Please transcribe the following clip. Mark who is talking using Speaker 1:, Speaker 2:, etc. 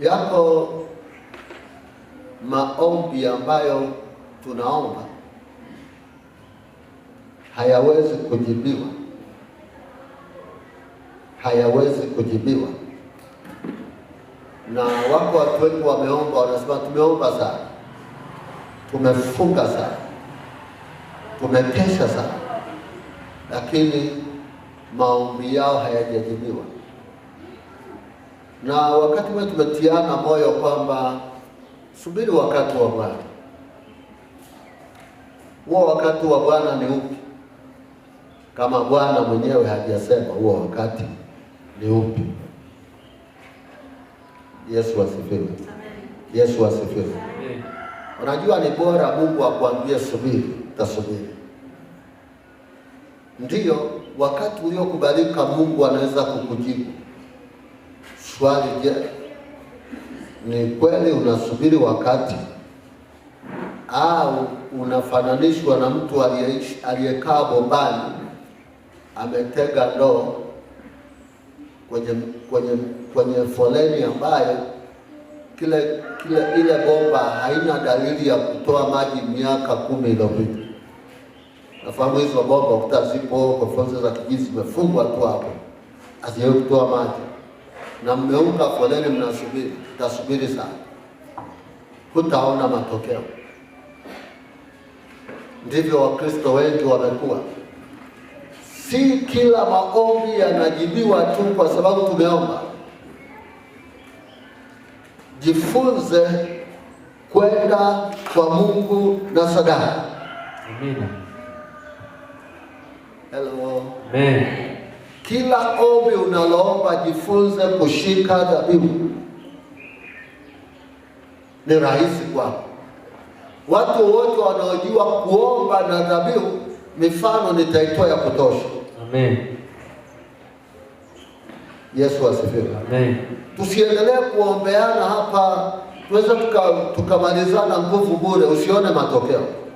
Speaker 1: Yapo maombi ambayo tunaomba hayawezi kujibiwa, hayawezi kujibiwa, na wako watu wengi wameomba, wanasema tumeomba sana, tumefunga sana, tumekesha sana, lakini maombi yao hayajajibiwa na wakati mwe tumetiana moyo kwamba subiri wakati wa Bwana. Huo wakati wa Bwana ni upi? Kama Bwana mwenyewe hajasema huo wakati ni upi? Yesu asifiwe. Yesu asifiwe. Unajua ni bora Mungu akwambie subiri, tasubiri. Ndiyo wakati uliokubalika Mungu anaweza kukujibu Swali, je, ni kweli unasubiri wakati au unafananishwa na mtu aliyekaa bombani ametega ndoo kwenye kwenye kwenye foleni ambayo kile kile ile bomba haina dalili ya kutoa maji miaka kumi iliyopita. Nafahamu hizo bomba ukuta zipo kwa fonse za kijiji zimefungwa tu hapo, hazijawahi kutoa maji na mmeunga foleni, mnasubiri, tasubiri sana, hutaona matokeo. Ndivyo Wakristo wengi wamekuwa. Si kila maombi yanajibiwa tu kwa sababu tumeomba. Jifunze kwenda kwa Mungu na sadaka. Amina. Hello. Amen. Kila ombi unaloomba jifunze kushika dhabihu, ni rahisi kwako. Watu wote wanaojua kuomba na dhabihu, mifano nitaitoa ya kutosha. Amen. Yesu asifiwe. Amen. Tusiendelee kuombeana hapa, tuweze tukamalizana tuka nguvu bure, usione matokeo.